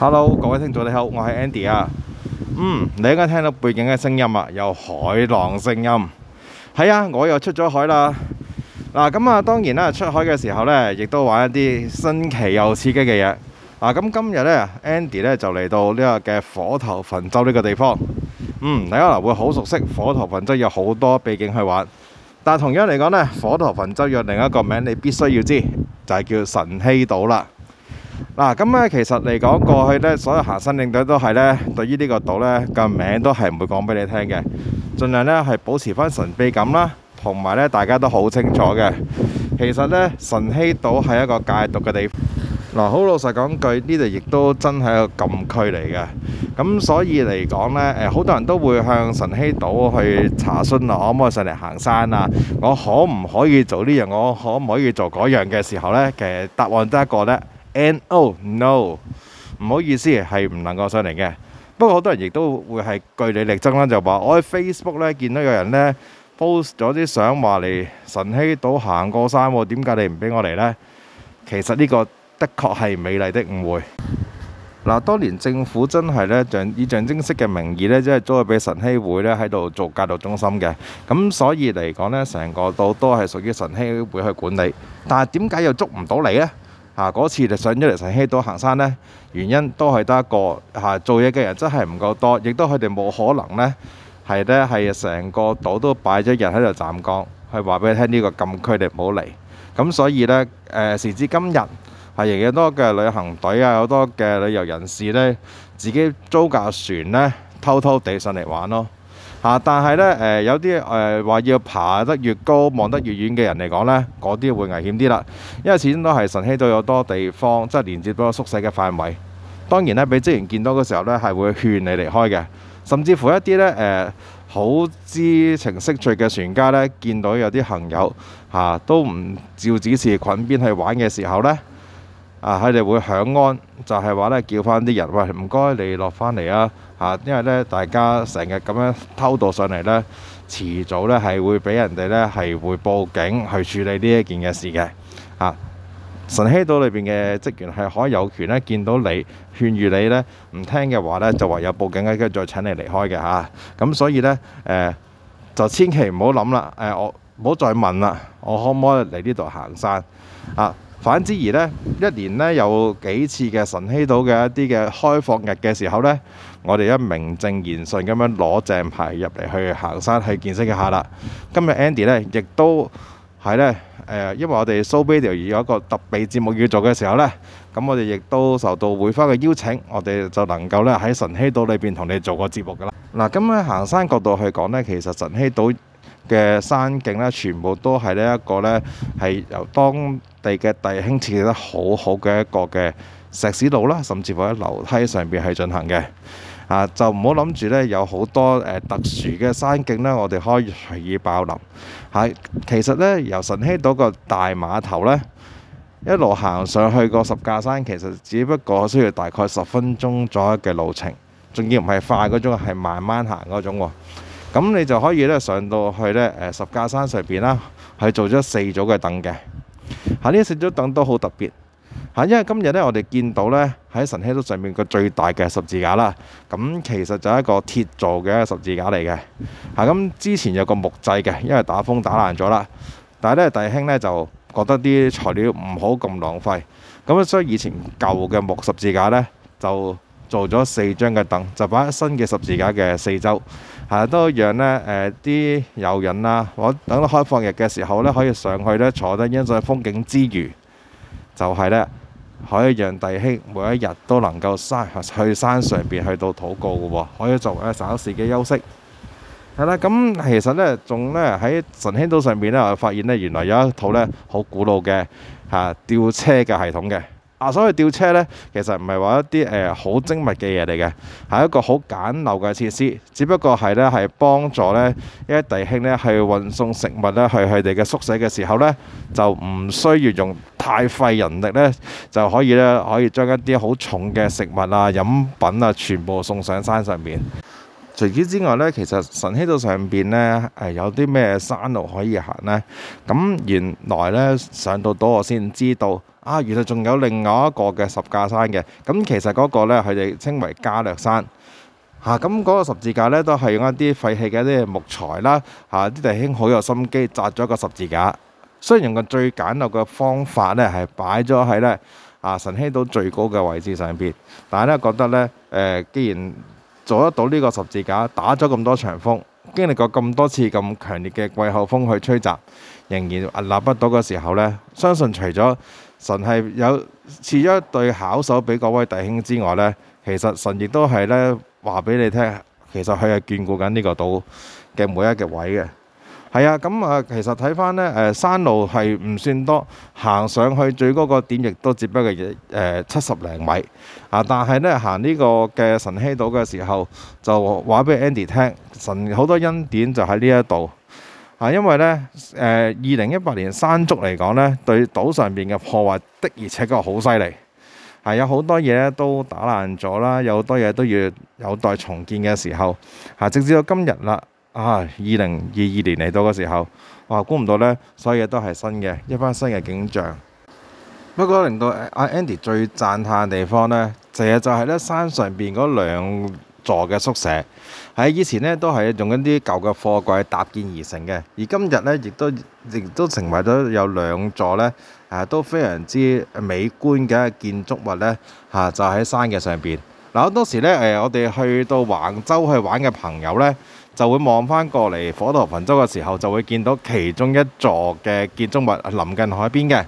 hello，各位聽眾你好，我係 Andy 啊，嗯，你應該聽到背景嘅聲音啊，有海浪聲音，係啊，我又出咗海啦。嗱，咁啊，當然啦，出海嘅時候呢，亦都玩一啲新奇又刺激嘅嘢。嗱，咁今日呢 Andy 呢，就嚟到呢個嘅火頭墳洲呢個地方。嗯，大家可能會好熟悉火頭墳洲有好多秘境去玩，但同樣嚟講呢，火頭墳洲有另一個名，你必須要知，就係叫神羲島啦。嗱，咁咧其實嚟講，過去咧所有行山領隊都係咧對於呢個島咧嘅名都係唔會講俾你聽嘅，盡量咧係保持返神秘感啦，同埋咧大家都好清楚嘅，其實咧神羲島係一個戒毒嘅地方。嗱，好老實講句，呢度亦都真係一個禁區嚟嘅，咁所以嚟講咧，誒好多人都會向神羲島去查詢啊，可唔可以上嚟行山啊？我可唔可以做呢樣？我可唔可以做嗰樣嘅時候咧？其實答案得一個咧。No，no，唔好意思，係唔能夠上嚟嘅。不過好多人亦都會係據理力爭啦，就話我喺 Facebook 呢見到有人呢 post 咗啲相，話嚟晨曦島行過山，點解你唔俾我嚟呢？其實呢個的確係美麗的誤會。嗱，當年政府真係呢以象徵式嘅名義呢，即係租咗俾晨曦會呢喺度做戒毒中心嘅。咁所以嚟講呢，成個島都係屬於晨曦會去管理。但係點解又捉唔到你呢？嗱、啊，嗰次就上咗嚟神希島行山呢，原因都係得一個嚇，做嘢嘅人真係唔夠多，亦都佢哋冇可能呢。係呢，係成個島都擺咗人喺度站崗，係話俾你聽呢個禁區，你唔好嚟。咁所以呢，誒、呃、時至今日，係仍有好多嘅旅行隊啊，好多嘅旅遊人士呢，自己租架船呢，偷偷地上嚟玩咯。啊、但係呢，誒、呃、有啲誒話要爬得越高，望得越遠嘅人嚟講呢，嗰啲會危險啲啦。因為始終都係神溪到有多地方，即係連接到個縮細嘅範圍。當然呢，俾職員見到嘅時候呢，係會勸你離開嘅。甚至乎一啲呢，誒好、呃、知情識趣嘅船家呢，見到有啲朋友嚇、啊、都唔照指示滾邊去玩嘅時候呢，啊，佢哋會響安，就係、是、話呢，叫返啲人喂，唔該你落返嚟啊！啊，因為咧，大家成日咁樣偷渡上嚟咧，遲早咧係會俾人哋咧係會報警去處理呢一件嘅事嘅。啊，晨曦島裏邊嘅職員係可以有權咧見到你，勸喻你咧唔聽嘅話咧就唯有報警嘅，跟住再請你離開嘅嚇。咁、啊、所以咧誒、呃，就千祈唔好諗啦，誒、呃、我唔好再問啦，我可唔可以嚟呢度行山啊？反之而呢，一年呢有幾次嘅晨曦島嘅一啲嘅開放日嘅時候呢，我哋一名正言順咁樣攞正牌入嚟去行山去見識一下啦。今日 Andy 呢亦都係呢、呃，因為我哋 Show Video 有一個特別節目要做嘅時候呢，咁我哋亦都受到會花嘅邀請，我哋就能夠呢喺晨曦島裏面同你做個節目㗎啦。嗱，咁咧行山角度去講呢，其實晨曦島，嘅山景咧，全部都係呢一個呢，係由當地嘅弟兄設計得好好嘅一個嘅石屎路啦，甚至乎喺樓梯上邊係進行嘅。啊，就唔好諗住呢有好多特殊嘅山景呢，我哋可以隨意爆林。係，其實呢，由神輝島個大碼頭呢，一路行上去個十架山，其實只不過需要大概十分鐘左右嘅路程，仲要唔係快嗰種，係慢慢行嗰種喎。咁你就可以咧上到去咧十架山上邊啦，係做咗四組嘅凳嘅。吓呢四組凳都好特別吓，因為今日咧我哋見到咧喺神經都上面個最大嘅十字架啦。咁其實就係一個鐵做嘅十字架嚟嘅嚇。咁之前有個木製嘅，因為打風打爛咗啦。但係咧弟兄咧就覺得啲材料唔好咁浪費，咁所以以前舊嘅木十字架咧就做咗四張嘅凳，就擺喺新嘅十字架嘅四周。係都讓呢誒啲遊人啦，我等到開放日嘅時候呢，可以上去呢坐低欣賞風景之餘，就係呢，可以讓弟兄每一日都能夠山去山上邊去到禱告嘅喎，可以作為稍事嘅休息。係啦，咁其實呢，仲呢喺神興島上面呢，我發現呢，原來有一套呢好古老嘅嚇吊車嘅系統嘅。啊，所以吊車呢，其實唔係話一啲誒好精密嘅嘢嚟嘅，係一個好簡陋嘅設施。只不過係呢，係幫助呢，一啲弟兄呢，去運送食物呢，去佢哋嘅宿舍嘅時候呢，就唔需要用太費人力呢，就可以呢，可以將一啲好重嘅食物啊、飲品啊，全部送上山上面。除此之外呢，其實神興島上邊呢，誒有啲咩山路可以行呢？咁原來呢，上到島我先知道。啊，原來仲有另外一個嘅十架山嘅，咁其實嗰個咧，佢哋稱為加略山，嚇，咁嗰個十字架呢，都係用一啲廢棄嘅啲木材啦，嚇，啲弟兄好有心機紮咗個十字架，雖然用個最簡陋嘅方法呢，係擺咗喺呢啊神興島最高嘅位置上邊，但係呢，覺得呢，誒，既然做得到呢個十字架，打咗咁多場風，經歷過咁多次咁強烈嘅季候風去吹襲，仍然屹立不倒嘅時候呢，相信除咗神係有賜咗一對巧手俾各位弟兄之外呢，其實神亦都係呢話俾你聽，其實佢係眷顧緊呢個島嘅每一個位嘅。係啊，咁、嗯、啊，其實睇翻呢誒山路係唔算多，行上去最高的點個點亦都只不過誒七十零米啊，但係呢，行呢個嘅神禧島嘅時候，就話俾 Andy 聽，神好多恩典就喺呢一度。啊，因為呢，誒，二零一八年山竹嚟講呢，對島上邊嘅破壞的而且確好犀利，係有好多嘢都打爛咗啦，有好多嘢都要有待重建嘅時候。嚇，直至到今日啦，啊，二零二二年嚟到嘅時候，哇，估唔到呢，所有嘢都係新嘅，一番新嘅景象。不過令到阿 Andy 最讚嘆嘅地方呢，成日就係就係呢山上邊嗰兩座嘅宿舍喺以前呢都係用一啲舊嘅貨櫃搭建而成嘅，而今日呢亦都亦都成為咗有兩座呢誒、啊、都非常之美觀嘅建築物呢。吓、啊、就喺山嘅上邊嗱。好多、啊、時呢誒我哋去到橫州去玩嘅朋友呢，就會望返過嚟火陀群州嘅時候，就會見到其中一座嘅建築物臨近海邊嘅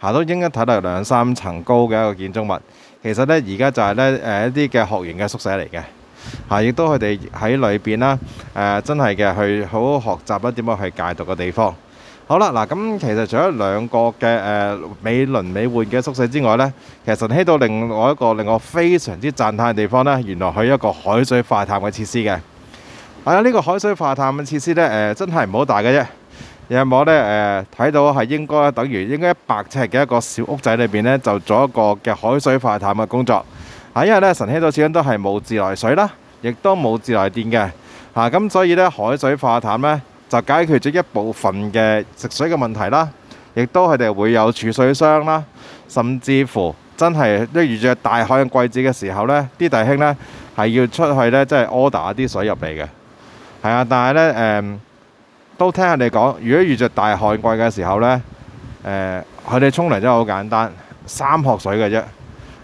吓，都應該睇到兩三層高嘅一個建築物。其實呢，而家就係呢誒一啲嘅學員嘅宿舍嚟嘅。吓、啊，亦都佢哋喺裏邊啦，誒、呃，真係嘅去好好學習啦，點樣去戒毒嘅地方。好啦，嗱、啊，咁其實除咗兩個嘅誒、呃、美輪美奐嘅宿舍之外呢，其實喺到另外一個令我非常之讚嘆嘅地方呢，原來佢一個海水化淡嘅設施嘅。係啊，呢、這個海水化淡嘅設施呢，誒、呃，真係唔好大嘅啫。有冇呢？誒、呃，睇到係應該等於應該一百尺嘅一個小屋仔裏邊呢，就做一個嘅海水化淡嘅工作。因為咧神興島始終都係冇自來水啦，亦都冇自來電嘅嚇，咁所以咧海水化淡咧就解決咗一部分嘅食水嘅問題啦，亦都佢哋會有儲水箱啦，甚至乎真係一遇着大旱季節嘅時候咧，啲弟兄咧係要出去咧即係 order 啲水入嚟嘅，係啊，但係咧誒都聽人哋講，如果遇着大旱季嘅時候咧，誒佢哋沖涼真係好簡單，三殼水嘅啫。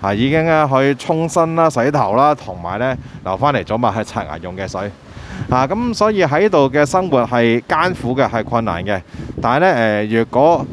啊，已經咧去沖身啦、洗頭啦，同埋咧留翻嚟咗嘛，係刷牙用嘅水。啊，咁所以喺度嘅生活係艱苦嘅，係困難嘅。但係咧誒，如果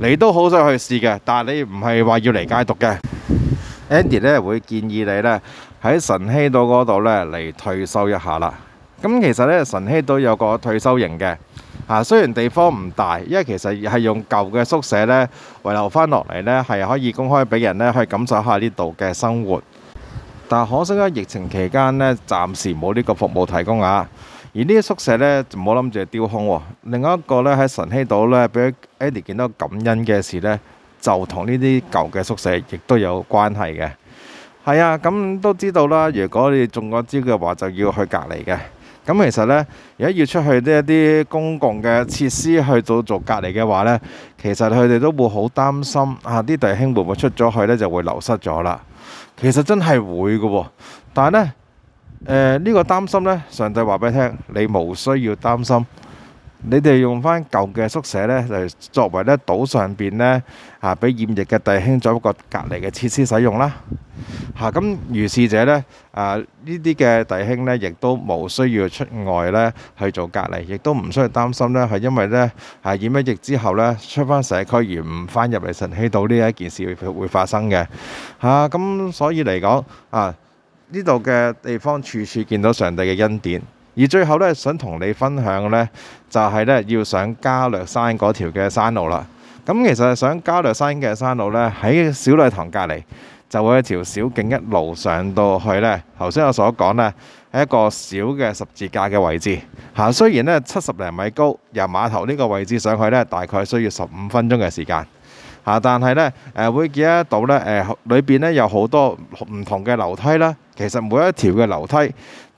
你都好想去試嘅，但係你唔係話要嚟戒毒嘅，Andy 咧會建議你咧喺晨曦島嗰度咧嚟退修一下啦。咁其實咧，晨曦島有個退修營嘅。啊，雖然地方唔大，因為其實係用舊嘅宿舍，呢遺留返落嚟呢，係可以公開俾人呢去感受下呢度嘅生活。但可惜呢，疫情期間呢，暫時冇呢個服務提供啊。而呢啲宿舍呢，就冇諗住係丟空喎、啊。另一個呢，喺晨曦島呢，俾 Eddie 見到感恩嘅事呢，就同呢啲舊嘅宿舍亦都有關係嘅。係啊，咁都知道啦。如果你中咗招嘅話，就要去隔離嘅。咁其實呢，如果要出去呢一啲公共嘅設施去做做隔離嘅話呢，其實佢哋都會好擔心啊！啲弟兄妹們出咗去呢，就會流失咗啦。其實真係會嘅喎，但係呢，呢、呃這個擔心呢，上帝話俾你聽，你無需要擔心。你哋用翻舊嘅宿舍咧，就係作為咧島上邊咧啊，俾染疫嘅弟兄做一個隔離嘅設施使用啦。嚇，咁如是者咧，啊呢啲嘅弟兄咧，亦都冇需要出外咧去做隔離，亦都唔需要擔心咧，係因為咧啊染咗疫之後咧出翻社區而唔翻入嚟神曦島呢一件事會發生嘅。嚇，咁所以嚟講啊，呢度嘅地方處處見到上帝嘅恩典。而最後咧，想同你分享嘅咧，就係咧要上加略山嗰條嘅山路啦。咁其實係上加略山嘅山路咧，喺小禮堂隔離就會一條小徑，一路上到去咧。頭先我所講咧，喺一個小嘅十字架嘅位置嚇。雖然咧七十零米高，由碼頭呢個位置上去咧，大概需要十五分鐘嘅時間嚇。但係咧誒會見得到咧誒裏邊咧有好多唔同嘅樓梯啦。其實每一條嘅樓梯。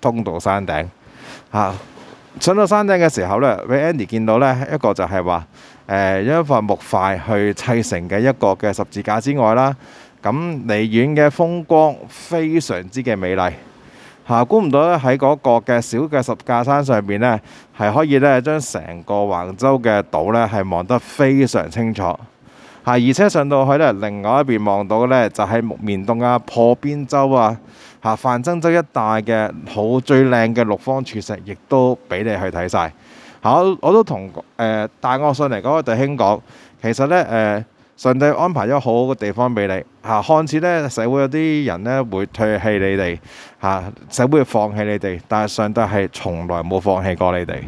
通到山頂，嚇、啊！上到山頂嘅時候呢俾 Andy 見到呢一個就係話、呃，一塊木塊去砌成嘅一個嘅十字架之外啦，咁、啊、離遠嘅風光非常之嘅美麗，嚇、啊！估唔到咧喺嗰個嘅小嘅十字架山上面呢，呢係可以咧將成個橫州嘅島呢係望得非常清楚。嚇！而且上到去呢，另外一邊望到嘅呢，就係木棉洞啊、破邊洲啊、嚇飯甑洲一帶嘅好最靚嘅六方柱石，亦都俾你去睇晒。好，我都同誒帶我上嚟嗰個弟兄講，其實呢，誒、呃，上帝安排咗好好嘅地方俾你。嚇，看似呢，社會有啲人呢會唾棄你哋，嚇、啊、社會會放棄你哋，但係上帝係從來冇放棄過你哋。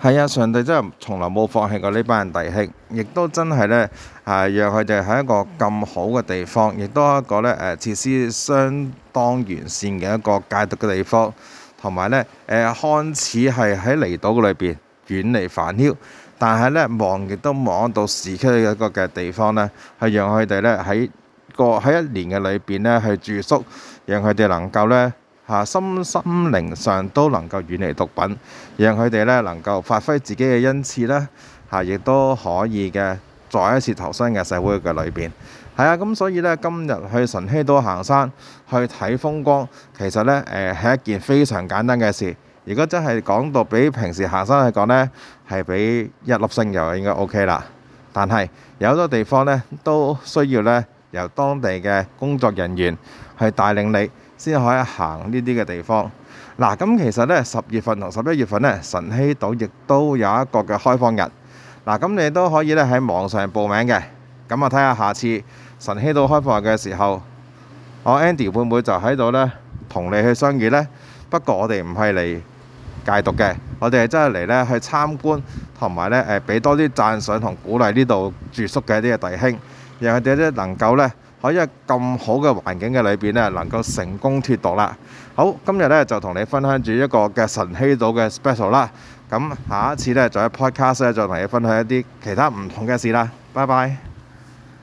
係啊！上帝真係從來冇放棄過呢班人弟兄，亦都真係呢，係讓佢哋喺一個咁好嘅地方，亦都一個呢誒設施相當完善嘅一個戒毒嘅地方，同埋呢，誒看似係喺離島嘅裏邊遠離煩囂，但係呢，望亦都望到市區一個嘅地方呢係讓佢哋呢喺個喺一年嘅裏邊呢去住宿，讓佢哋能夠呢。嚇心心靈上都能夠遠離毒品，讓佢哋咧能夠發揮自己嘅恩賜咧，嚇亦都可以嘅，再一次投身嘅社會嘅裏邊，係啊，咁所以咧今日去晨曦島行山去睇風光，其實咧誒係一件非常簡單嘅事。如果真係講到比平時行山嚟講咧，係比一粒星遊應該 O K 啦。但係有好多地方咧都需要咧由當地嘅工作人員去帶領你。先可以行呢啲嘅地方。嗱，咁其實咧，十月份同十一月份咧，晨曦島亦都有一個嘅開放日。嗱，咁你都可以咧喺網上報名嘅。咁啊，睇下下次晨曦島開放日嘅時候，我 Andy 會唔會就喺度咧同你去相遇咧？不過我哋唔係嚟戒毒嘅，我哋係真係嚟咧去參觀，同埋咧誒俾多啲讚賞同鼓勵呢度住宿嘅一啲嘅弟兄，讓佢哋咧能夠咧。可以喺咁好嘅環境嘅裏邊呢，能夠成功脫毒啦。好，今日呢就同你分享住一個嘅晨曦島嘅 special 啦。咁下一次呢，再喺 podcast 呢，再同你分享一啲其他唔同嘅事啦。拜拜。